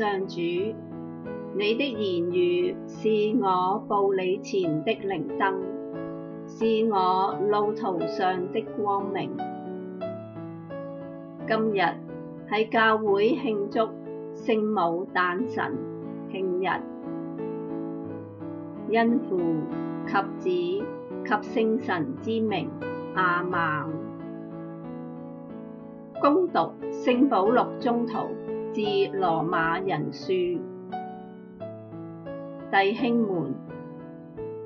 上主，你的言語是我步履前的靈燈，是我路途上的光明。今日喺教會慶祝聖母誕辰慶日，因父及子及聖神之名，阿孟。恭讀聖保禄宗徒，致羅馬人書。弟兄們，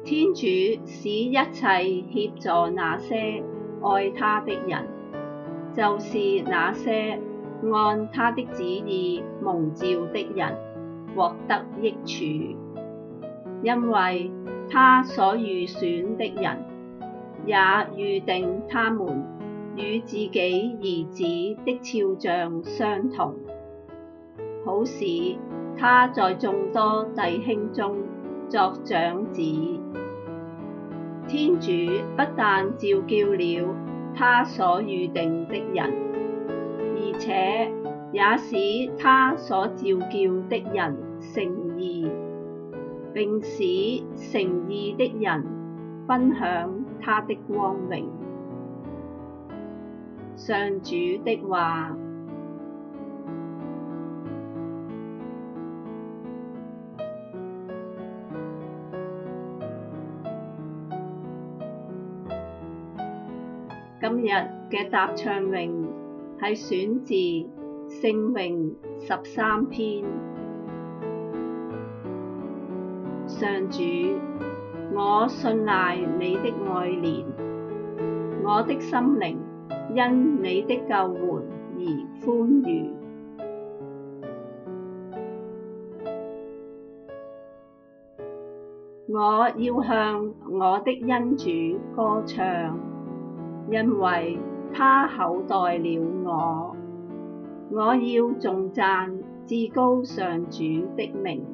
天主使一切協助那些愛他的人，就是那些按他的旨意蒙召的人，獲得益處，因為他所預選的人，也預定他們與自己兒子的肖像相同。好使，他在眾多弟兄中作長子。天主不但召叫了他所預定的人，而且也使他所召叫的人成義，並使成義的人分享他的光榮。上主的話。今日嘅答唱詠係選自聖詠十三篇。上主，我信賴你的愛憐，我的心靈因你的救援而歡愉。我要向我的恩主歌唱。因為他厚待了我，我要頌讚至高上主的名。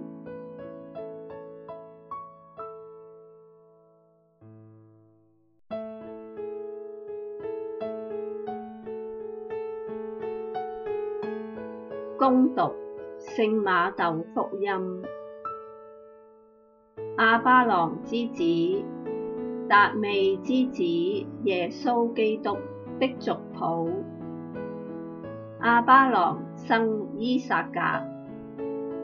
恭讀《聖瑪竇福音》，亞巴郎之子，達味之子。耶穌基督的族譜：亞巴郎生依撒格，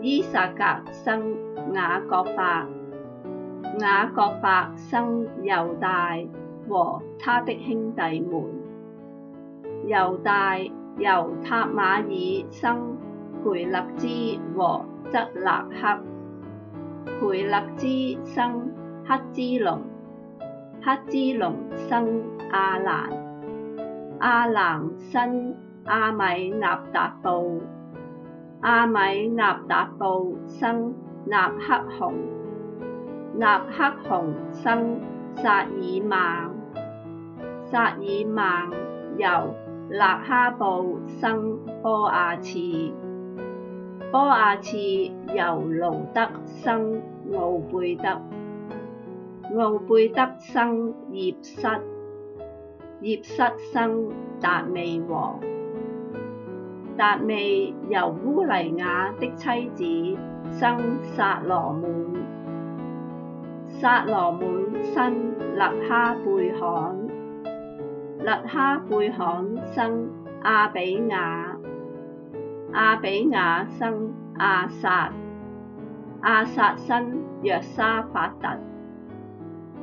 依撒格生雅各伯，雅各伯生猶大和他的兄弟們。猶大由塔瑪爾生培勒茲和則辣黑，培勒茲生赫茲龍。赫茲龍生阿蘭，阿蘭生阿米納達布，阿米納達布生納赫雄，納赫雄生撒耳孟，撒耳孟由辣哈布生波阿次，波阿次由盧德生敖貝得。敖貝得生葉瑟，葉瑟生達味王。達味由烏黎雅的妻子生撒羅滿，撒羅滿生勒哈貝罕，勒哈貝罕生阿彼雅，阿彼雅生阿撒，阿撒生，生約沙法特。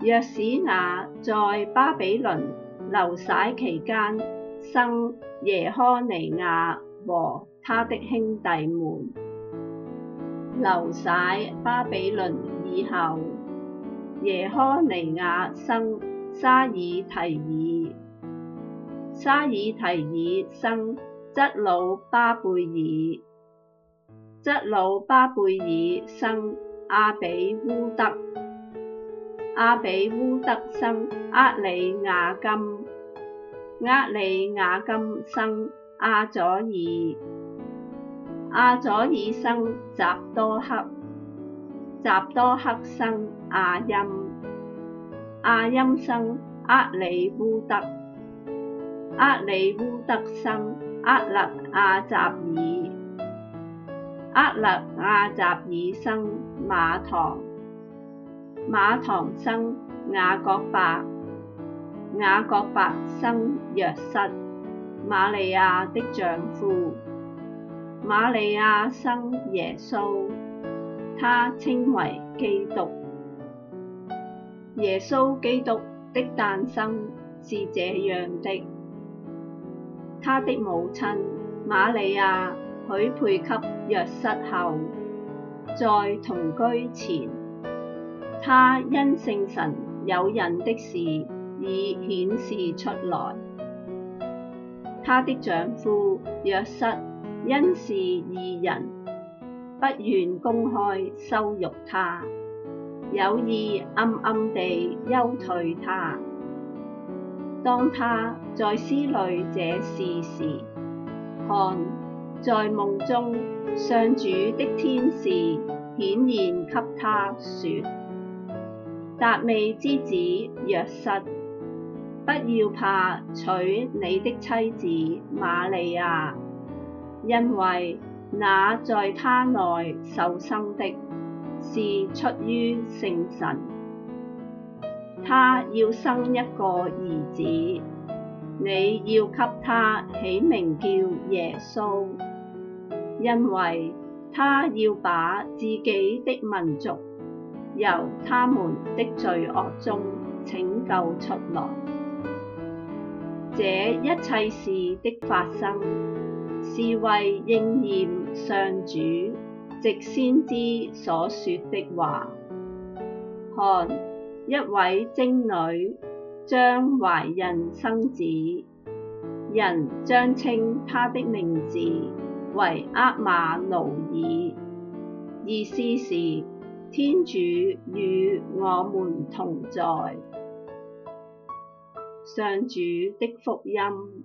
約史雅在巴比倫流徙期間生耶苛尼雅和他的兄弟們。流徙巴比倫以後，耶苛尼雅生沙耳提耳，沙耳提耳生則魯巴貝耳，則魯巴，巴貝耳生阿彼烏得。阿彼烏得生、厄里雅金，厄里雅金生、阿左爾，阿左爾生、匝多克，匝多克生、阿歆，阿歆生厄里烏得，厄里烏得生、厄肋阿匝爾，厄肋阿匝爾生、瑪堂。馬堂生雅各伯，雅各伯生若瑟，瑪利亞的丈夫，瑪利亞生耶穌，他稱為基督。耶穌基督的誕生是這樣的，他的母親瑪利亞許配給若瑟後，在同居前。他因聖神有孕的事，已顯示出來。他的丈夫若瑟，因是義人，不願公開羞辱他，有意暗暗地休退他。當他在思慮這事時，看在夢中，上主的天使顯現給他說。達味之子若瑟，不要怕，娶你的妻子瑪利亞，因為那在她內受生的，是出於聖神。她要生一個兒子，你要給他起名叫耶穌，因為他要把自己的民族。由他們的罪惡中拯救出來。這一切事的發生，是為應驗上主，藉先知所說的話。看，一位貞女將懷孕生子，人將稱他的名字為厄瑪奴耳，意思是。天主與我們同在，上主的福音。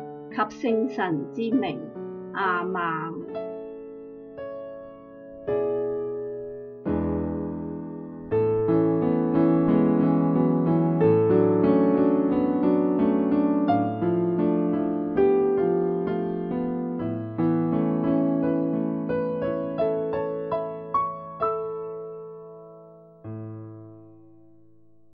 及聖神之名，阿孟。